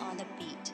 on the beat.